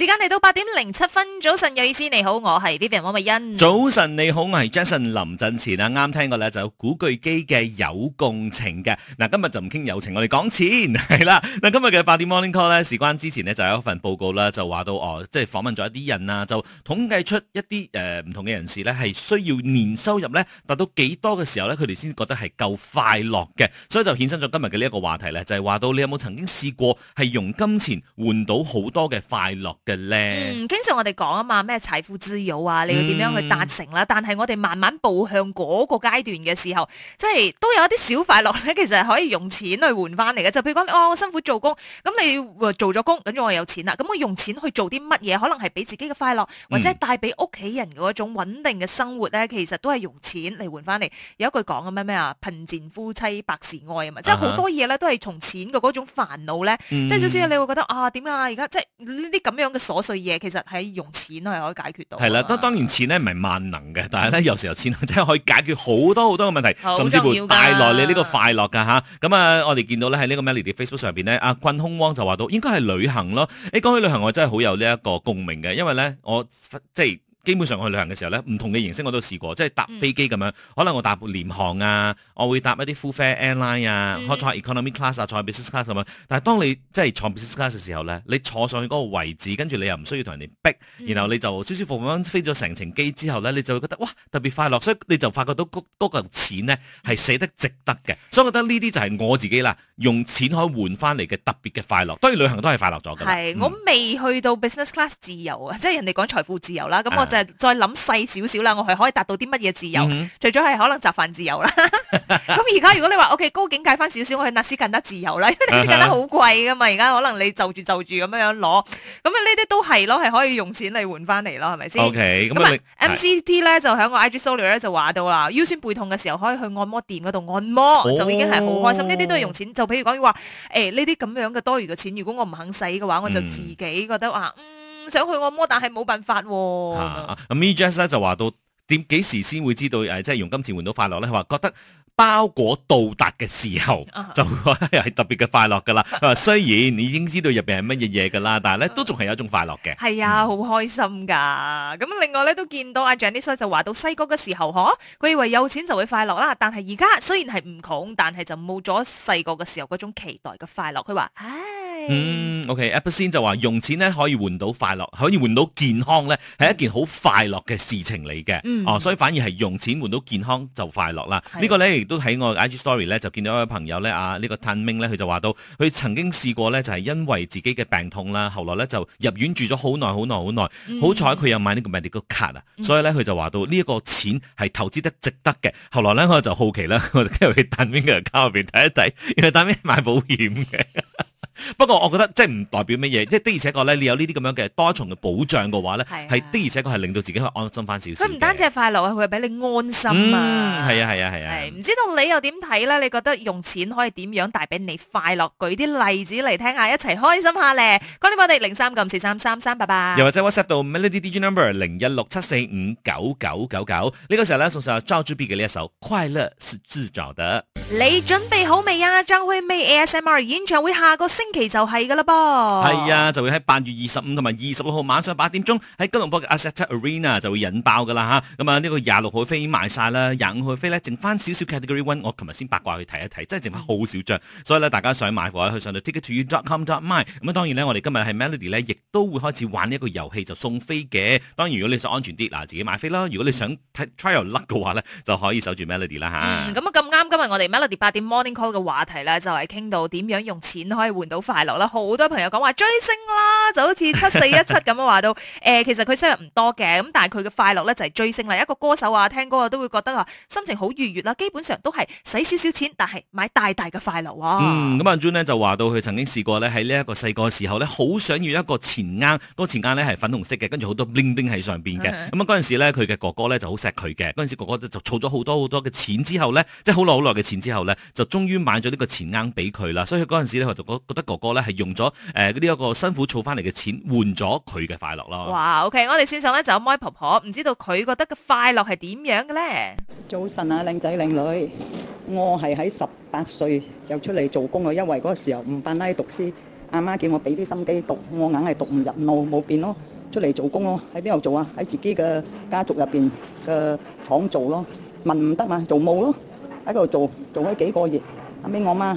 時間嚟到八點零七分，早晨有意思，你好，我係 Vivian 溫慧欣。早晨你好，我係 Jason 林振前啊，啱聽過咧，就有古巨基嘅有共情嘅。嗱，今日就唔傾友情，我哋講錢係啦。嗱，今日嘅八點 Morning Call 咧，事關之前呢，就有一份報告啦，就話到哦，即係訪問咗一啲人啊，就統計出一啲誒，唔同嘅人士咧係需要年收入咧達到幾多嘅時候咧，佢哋先覺得係夠快樂嘅。所以就衍生咗今日嘅呢一個話題咧，就係話到你有冇曾經試過係用金錢換到好多嘅快樂？嗯，經常我哋講啊嘛，咩財富自由啊，你要點樣去達成啦？嗯、但係我哋慢慢步向嗰個階段嘅時候，即係都有一啲小快樂咧。其實可以用錢去換翻嚟嘅，就譬如講，哦，我辛苦做工，咁你做咗工，跟住我有錢啦，咁我用錢去做啲乜嘢？可能係俾自己嘅快樂，嗯、或者係帶俾屋企人嗰種穩定嘅生活咧。其實都係用錢嚟換翻嚟。有一句講嘅咩咩啊，貧賤夫妻百事哀啊嘛，即係好多嘢咧都係從錢嘅嗰種煩惱咧，即係少少你會覺得啊，點解啊？而家即係呢啲咁樣嘅。瑣碎嘢其實係用錢係可以解決到。係啦，當當然錢咧唔係萬能嘅，但係咧有時候有錢真係可以解決好多好多嘅問題，甚至乎帶來你呢個快樂㗎吓，咁啊，我哋見到咧喺呢個 Melody Facebook 上邊咧，阿坤空汪就話到應該係旅行咯。誒、欸，講起旅行我真係好有呢一個共鳴嘅，因為咧我即係。基本上去旅行嘅時候咧，唔同嘅形式我都試過，即係搭飛機咁樣。嗯、可能我搭廉航啊，我會搭一啲 full fare airline 啊，嗯、坐 economy class 啊，坐 business class 咁樣。但係當你即係坐 business class 嘅時候咧，你坐上去嗰個位置，跟住你又唔需要同人哋逼，嗯、然後你就舒舒服服咁飛咗成程機之後咧，你就會覺得哇，特別快樂，所以你就發覺到嗰嗰、嗰個錢咧係捨得值得嘅。所以我覺得呢啲就係我自己啦，用錢可以換翻嚟嘅特別嘅快樂。當然旅行都係快樂咗㗎。係是、嗯、我未去到 business class 自由啊，即係人哋講財富自由啦。咁我就係再諗細少少啦，我係可以達到啲乜嘢自由？嗯、除咗係可能食飯自由啦。咁而家如果你話 OK 高境界翻少少，我去納斯肯得自由啦，納斯肯得好貴噶嘛。而家、嗯、可能你就住就住咁樣攞。咁啊呢啲都係咯，係可以用錢嚟換翻嚟咯，係咪先？咁啊，MCT 咧就喺我 IG solar 咧就話到啦，腰酸背痛嘅時候可以去按摩店嗰度按摩，就已經係好開心。呢啲、哦、都係用錢。就譬如講話，誒呢啲咁樣嘅多餘嘅錢，如果我唔肯使嘅話，我就自己覺得話。嗯嗯唔想去按摩，但係冇辦法、哦。阿咁 EJ 呢就話到點幾時先會知道誒、啊，即係用金錢換到快樂咧？佢話覺得包裹到達嘅時候、啊、就係特別嘅快樂噶啦。佢話 雖然已經知道入邊係乜嘢嘢噶啦，但係咧都仲係有一種快樂嘅。係啊，好、嗯、開心噶。咁另外咧都見到阿、啊、Janice 呢就話到細個嘅時候，嗬、啊，佢以為有錢就會快樂啦。但係而家雖然係唔窮，但係就冇咗細個嘅時候嗰種期待嘅快樂。佢話唉。啊嗯 o k a p e s i、mm, okay, n 就話用錢咧可以換到快樂，可以換到，到健康咧，係一件好快樂嘅事情嚟嘅。Mm hmm. 哦，所以反而係用錢換到健康就快樂啦。Mm hmm. 個呢個咧亦都喺我 IG Story 咧就見到一位朋友咧，啊、這個、呢個 Tan Ming 咧，佢就話到，佢曾經試過咧就係、是、因為自己嘅病痛啦，後來咧就入院住咗、mm hmm. 好耐好耐好耐，好彩佢有買呢個 medical card 啊，hmm. 所以咧佢就話到呢一個錢係投資得值得嘅。後來咧我就好奇啦， 我就去 Tan Ming 嘅卡入邊睇一睇，因為 Tan Ming 買保險嘅。 不過我覺得即係唔代表乜嘢，即係的而且確咧，你有呢啲咁樣嘅多重嘅保障嘅話咧，係的而且確係令到自己可以安心翻少少。佢唔單止係快樂啊，佢係俾你安心啊。係啊係啊係啊！唔知道你又點睇咧？你覺得用錢可以點樣帶俾你快樂？舉啲例子嚟聽下，一齊開心下咧。關注我哋零三九四三三三，八八。又或者 WhatsApp 到 Melody DJ Number 零一六七四五九九九九。呢個時候咧，送上 JoJo B 嘅呢一首《快樂是自找的》。你準備好未啊？張惠妹 ASMR 演唱會，下個星期就係噶啦噃，係啊、嗯，就會喺八月二十五同埋二十六號晚上八點鐘喺吉隆坡嘅 Axiata Arena 就會引爆噶啦吓，咁啊，啊、這個、呢個廿六號飛賣晒啦，廿五號飛咧剩翻少少 Category One，我琴日先八卦去睇一睇，真係剩翻好少張，所以咧大家想買嘅去上到 ticket2u.com.my 買、嗯。咁啊，當然咧，我哋今日係 Melody 咧，亦都會開始玩呢一個遊戲就送飛嘅。當然，如果你想安全啲，嗱，自己買飛啦。如果你想睇 try or luck 嘅話咧，就可以守住 Melody 啦吓。咁啊咁啱，嗯、剛剛剛今日我哋 Melody 八點 Morning Call 嘅話題咧，就係、是、傾到點樣用錢可以換到。快樂啦，好多朋友講話追星啦，就好似七四一七咁樣話到，誒、 呃，其實佢收入唔多嘅，咁但係佢嘅快樂咧就係追星啦。一個歌手啊、聽歌啊，都會覺得啊，心情好愉悅啦。基本上都係使少少錢，但係買大大嘅快樂、啊。嗯，咁阿 June 就話到，佢曾經試過咧喺呢一個細個嘅時候咧，好想要一個錢罌，嗰錢罌咧係粉紅色嘅，跟住好多 bling bling 喺上邊嘅。咁嗰陣時咧，佢嘅哥哥咧就好錫佢嘅，嗰陣時哥哥就儲咗好多好多嘅錢之後咧，即係好耐好耐嘅錢之後咧，就終於買咗呢個錢罌俾佢啦。所以佢嗰陣時咧就覺覺得。哥哥咧，係用咗誒嗰啲一個辛苦儲翻嚟嘅錢換咗佢嘅快樂咯。哇，OK，我哋線上咧就有麥婆婆，唔知道佢覺得嘅快樂係點樣嘅咧？早晨啊，靚仔靚女，我係喺十八歲就出嚟做工咯，因為嗰個時候唔扮拉讀書，阿媽叫我俾啲心機讀，我硬係讀唔入腦，冇冇變咯，出嚟做工咯。喺邊度做啊？喺自己嘅家族入邊嘅廠做咯，問唔得嘛，做務咯，喺度做做咗幾個月，阿媽。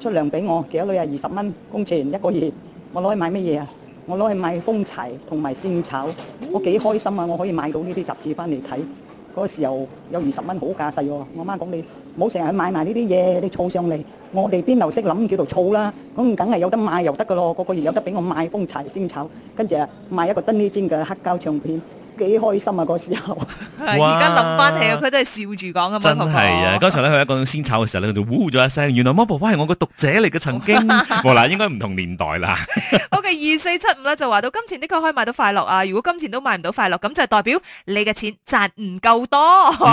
出糧畀我幾多女啊？二十蚊工錢一個月，我攞去買乜嘢啊？我攞去買風柴同埋鮮草，我幾開心啊！我可以買到呢啲雜誌返嚟睇。嗰、那個、時候有二十蚊好架勢喎、啊，我媽講你唔好成日買埋呢啲嘢，你儲上嚟，我哋邊度識諗叫做儲啦。咁梗係有得買又得噶咯，個、那個月有得畀我買風柴鮮炒、鮮草、啊，跟住啊買一個珍呢煎嘅黑膠唱片。幾開心啊嗰時候，而家諗翻起佢都係笑住講噶真係啊！剛才咧佢喺講鮮炒嘅時候咧，佢就嗚咗一聲，原來魔婆婆係我嘅讀者嚟嘅，曾經， 哇嗱，應該唔同年代啦。O K. 二四七五咧就話到金錢的確可以買到快樂啊，如果金錢都買唔到快樂，咁就代表你嘅錢賺唔夠多。我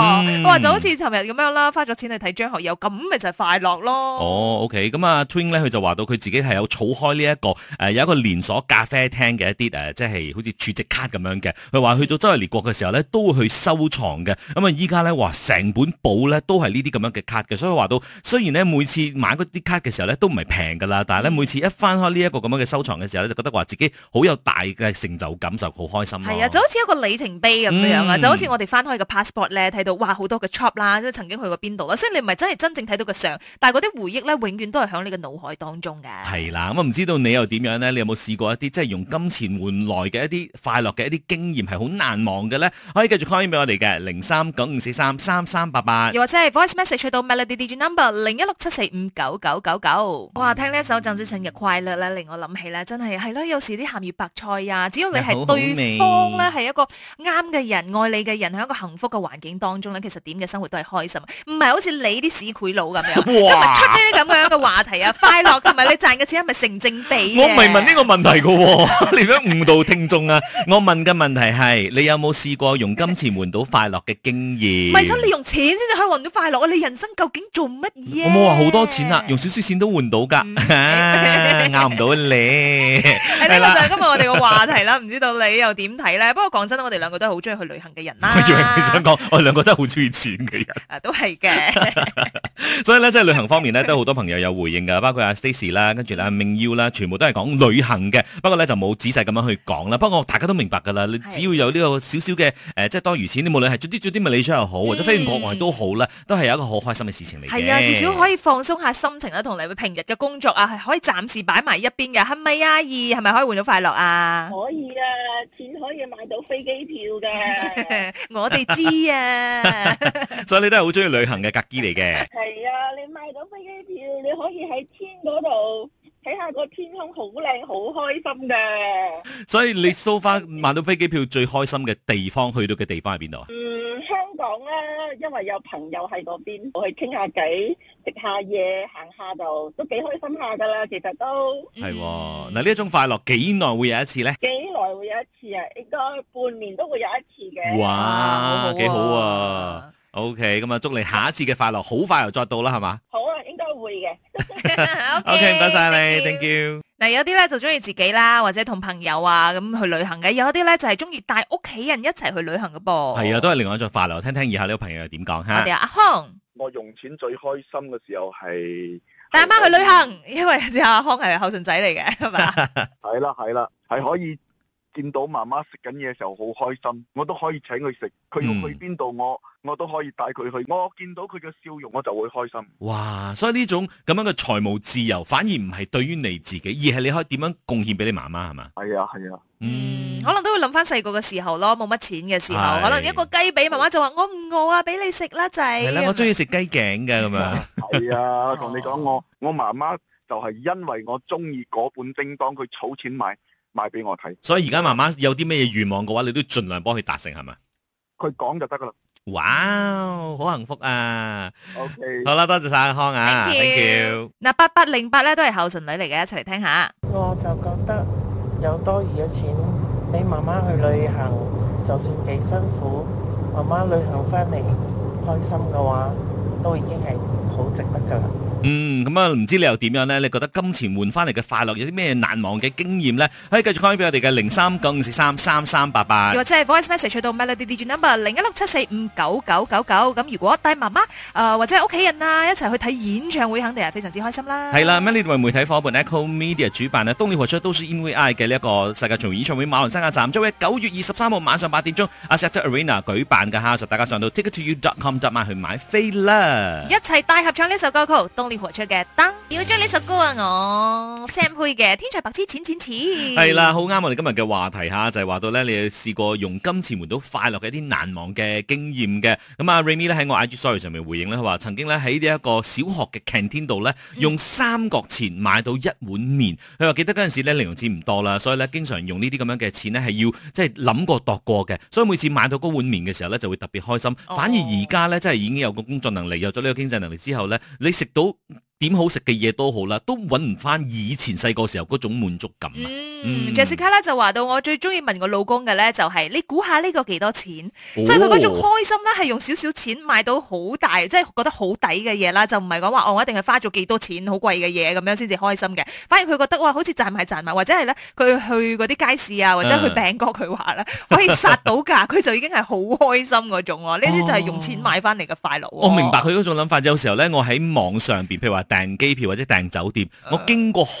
話、嗯、就好似尋日咁樣啦，花咗錢去睇張學友，咁咪就係快樂咯。哦，O K. 咁啊，Twink 咧佢就話到佢自己係有儲開呢、這、一個誒、啊、有一個連鎖咖啡廳嘅一啲誒、啊、即係好似儲值卡咁樣嘅，佢話去到周圍列國嘅時候咧，都會去收藏嘅。咁、嗯、啊，依家咧話成本簿咧都係呢啲咁樣嘅卡嘅。所以話到，雖然咧每次買嗰啲卡嘅時候咧都唔係平㗎啦，但係咧、嗯、每次一翻開呢一個咁樣嘅收藏嘅時候就覺得話自己好有大嘅成就感，就好開心咯。係啊，就好似一個里程碑咁樣、嗯、op，啊，就好似我哋翻開個 passport 咧，睇到哇好多嘅 chop 啦，即係曾經去過邊度啦。雖然你唔係真係真正睇到個相，但係嗰啲回憶咧永遠都係喺你嘅腦海當中嘅。係啦、啊，咁啊唔知道你又點樣咧？你有冇試過一啲即係用金錢換來嘅一啲快樂嘅一啲經驗係好？難忘嘅咧，可以繼續 call 翻俾我哋嘅，零三九五四三三三八八，又或者係 voice message 去到 melody digit number 零一六七四五九九九九。哇，聽呢一首鄭少清嘅快樂咧，令我諗起咧，真係係咯，有時啲鹹魚白菜呀，只要你係對方咧，係一個啱嘅人、愛你嘅人喺一個幸福嘅環境當中咧，其實點嘅生活都係開心，唔係好似你啲市儈佬咁樣，今日出呢啲咁樣嘅一個話題啊，快樂同埋你賺嘅錢係咪成正比？我唔係問呢個問題嘅，你想誤導聽眾啊？我問嘅問題係。你有冇試過用金錢換到快樂嘅經驗？唔係親，你用錢先至可以換到快樂？你人生究竟做乜嘢？我冇話好多錢啊，用少少錢都換到噶，啱唔到你。呢、 哎這個就係今日我哋個話題啦，唔 知道你又點睇咧？不過講真我哋兩個都係好中意去旅行嘅人啦、啊。我以為想講，我哋兩個都係好中意錢嘅人。 啊、都係嘅。 所以咧，即係旅行方面咧，都好多朋友有回應噶，包括阿 Stacy 啦，跟住阿明耀啦，全部都係講旅行嘅。不過咧就冇仔細咁樣去講啦。不過大家都明白噶啦，你只要有呢。 有少少嘅誒，即係多餘錢，你無論係做啲做啲咪理出又好，或者飛越國外都好啦，都係有一個好開心嘅事情嚟嘅。係啊，至少可以放鬆下心情啊，同你平日嘅工作啊，可以暫時擺埋一邊嘅，係咪啊？二係咪可以換到快樂啊？可以啊，錢可以買到飛機票嘅， 我哋知啊。 所以你都係好中意旅行嘅格基嚟嘅。係 啊，你買到飛機票，你可以喺天嗰度。睇下個天空好靚，好開心嘅。所以你收、so、翻、嗯、買到飛機票最開心嘅地方，去到嘅地方係邊度啊？嗯，香港啦，因為有朋友喺嗰邊，我去傾下偈，食下嘢，行下度，都幾開心下噶啦。其實都係喎。嗱，呢一種快樂幾耐會有一次咧？幾耐會有一次啊？應該半年都會有一次嘅。哇，幾好，好啊！OK，咁啊，okay，祝你下一次嘅快樂好快又再到啦，係嘛？好啊！.會嘅 ，OK，唔該晒你，Thank you。嗱、呃，有啲咧就中意自己啦，或者同朋友啊咁、嗯、去旅行嘅，有啲咧就係中意帶屋企人一齊去旅行嘅噃。係啊，都係另外一種快樂，聽聽以下呢個朋友又點講吓。我哋阿康，我用錢最開心嘅時候係帶阿媽去旅行，因為之後阿康係孝順仔嚟嘅，係咪啊？係啦，係啦，係可以。見到媽媽食緊嘢嘅時候好開心，我都可以請佢食，佢要去邊度我我都可以帶佢去。我見到佢嘅笑容，我就會開心。哇！所以呢種咁樣嘅財務自由，反而唔係對於你自己，而係你可以點樣貢獻俾你媽媽，係嘛？係啊係啊，啊嗯，可能都會諗翻細個嘅時候咯，冇乜錢嘅時候，是可能一個雞髀，媽媽就話我唔餓啊，俾你食啦，就係我中意食雞頸噶咁啊。係 啊，同 你講我我媽媽就係因為我中意嗰本叮當，佢儲錢買。買俾我睇，所以而家媽媽有啲咩願望嘅話，你都盡量幫佢達成，係咪？佢講就得噶啦。哇，wow, 好幸福啊！OK，好啦，多謝晒康啊，thank you, Thank you. 不不不。嗱，八八零八咧都係孝順女嚟嘅，一齊嚟聽下。我就覺得有多餘嘅錢俾媽媽去旅行，就算幾辛苦，媽媽旅行翻嚟開心嘅話，都已經係好值得噶啦。嗯，咁唔知你又點樣呢？你覺得金錢換返嚟嘅快樂，有啲咩難忘嘅經驗呢？可以繼續 call 俾我哋嘅03 04 33 8 8 8 8 8 8 8 8 8 8 8 8 8活出嘅燈，要追呢首歌啊！我 Sam 配嘅《天才白痴》潛潛潛，錢錢錢係啦，好啱我哋今日嘅話題吓、啊，就係、是、話到咧，你有試過用金錢換到快樂嘅一啲難忘嘅經驗嘅？咁啊，Raymi 咧喺我 IG Story 上面回應咧，佢話曾經咧喺呢一個小學嘅 canteen 度咧，用三角錢買到一碗麵。佢話、嗯、記得嗰陣時咧，零用錢唔多啦，所以咧，經常用呢啲咁樣嘅錢呢，係要即係諗過度過嘅。所以每次買到嗰碗麵嘅時候咧，就會特別開心。Oh、反而而家咧，真係已經有個工作能力，有咗呢、這個經濟能力之後咧，你食到。點好食嘅嘢都好啦，都揾唔翻以前細個時候嗰種滿足感。嗯，嗯，Jessica 就話到，我最中意問我老公嘅咧，就係你估下呢個幾多錢？即係佢嗰種開心啦，係用少少錢買到好大，即係覺得好抵嘅嘢啦，就唔係講話我一定係花咗幾多錢好貴嘅嘢咁樣先至開心嘅。反而佢覺得哇，好似賺埋賺埋，或者係咧，佢去嗰啲街市啊，或者去餅哥，佢話咧可以殺到噶，佢 就已經係好開心嗰種。呢啲就係用錢買翻嚟嘅快樂。我明白佢嗰、哦、種諗法，有時候咧，我喺網上邊，譬如話。訂機票或者訂酒店，uh, 我經過好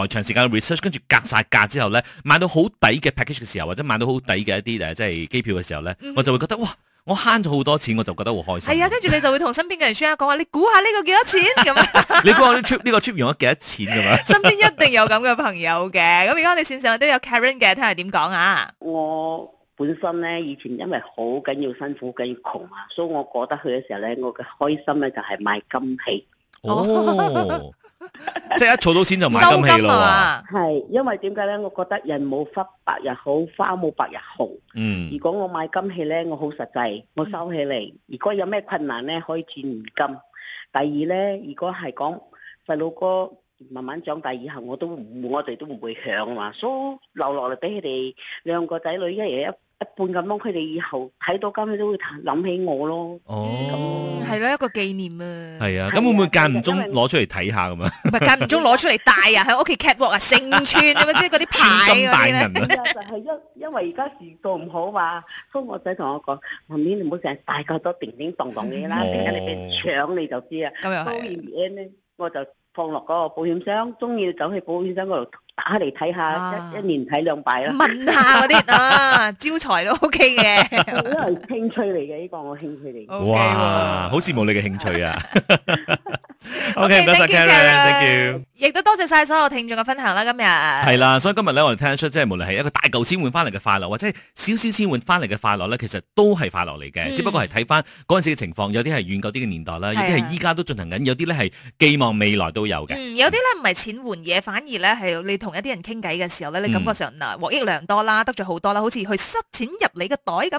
耐長時間嘅 research，跟住隔晒價之後咧，買到好抵嘅 package 嘅時候，或者買到好抵嘅一啲誒，即係機票嘅時候咧，mm hmm. 我就會覺得哇，我慳咗好多錢，我就覺得好開心。係啊、哎，跟住你就會同身邊嘅人 share 講話， 你估下呢個幾多錢咁？ 你估下呢 trip 呢個 trip 用咗幾多錢咁啊？ 身邊一定有咁嘅朋友嘅。咁而家你線上都有 Karen 嘅，聽下點講啊？我本身咧以前因為好緊要，辛苦緊要窮啊，所以我過得去嘅時候咧，我嘅開心咧就係買金器。哦， 即係一儲到錢就買金器啦，係因為點解咧？我覺得人冇花白日好，花冇白日紅。嗯，如果我買金器咧，我好實際，我收起嚟。嗯，如果有咩困難咧，可以轉現金。第二咧，如果係講細路哥慢慢長大以後，我都我哋都唔會響嘛，所以留落嚟俾佢哋兩個仔女一人一半咁樣，佢哋以後睇到咁，佢都會諗起我咯。哦，咁係咯，一個紀念啊。係啊，咁會唔會間唔中攞出嚟睇下咁啊？唔係間唔中攞出嚟戴啊，喺屋企 catwalk 啊，成串啊嘛，即係嗰啲牌嗰啲咧。係啊，就係因因為而家時勢唔好嘛，所以我仔同我講：後面唔好成日戴夠多叮叮噹噹嘢啦，點解你俾搶你就知啦。唔好嘢咧，我就放落嗰個保險箱，中意走去保險箱嗰度。打嚟睇下，一年一年睇兩百啦。問下嗰啲啊，招財都 OK 嘅。呢個 興趣嚟嘅，呢、呢個我興趣嚟。Okay，哇，哇好羨慕你嘅興趣啊！ O Okay , K，唔該晒 Kelly，thank you。Karen, thank you. 亦都多謝晒所有聽眾嘅分享啦，今日係啦，所以今日咧，我哋聽得出，即係無論係一個大嚿錢換翻嚟嘅快樂，或者係少少錢換翻嚟嘅快樂咧，其實都係快樂嚟嘅，嗯、只不過係睇翻嗰陣時嘅情況，有啲係遠舊啲嘅年代啦，有啲係依家都進行緊，有啲咧係寄望未來都有嘅、嗯。有啲咧唔係錢換嘢，反而咧係你同一啲人傾偈嘅時候咧，你感覺上嗱獲益良多啦，得咗好多啦，好似去塞錢入你嘅袋咁。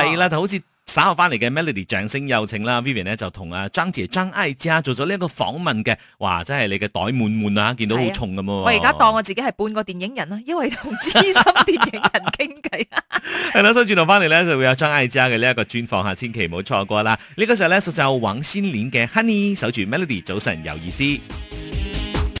係啦，就好似。稍後翻嚟嘅 Melody 掌聲有請啦，Vivian 咧就同阿張姐張艾嘉做咗呢一個訪問嘅，哇真係你嘅袋滿滿啊，見到好重咁。喂、啊，而家當我自己係半個電影人啊，因為同資深電影人傾偈。係啦，所以轉頭翻嚟咧就會有張艾嘉嘅呢一個專訪，吓千祈唔好錯過啦。呢、這個時候咧屬有王先鏈嘅 Honey 守住 Melody 早晨有意思。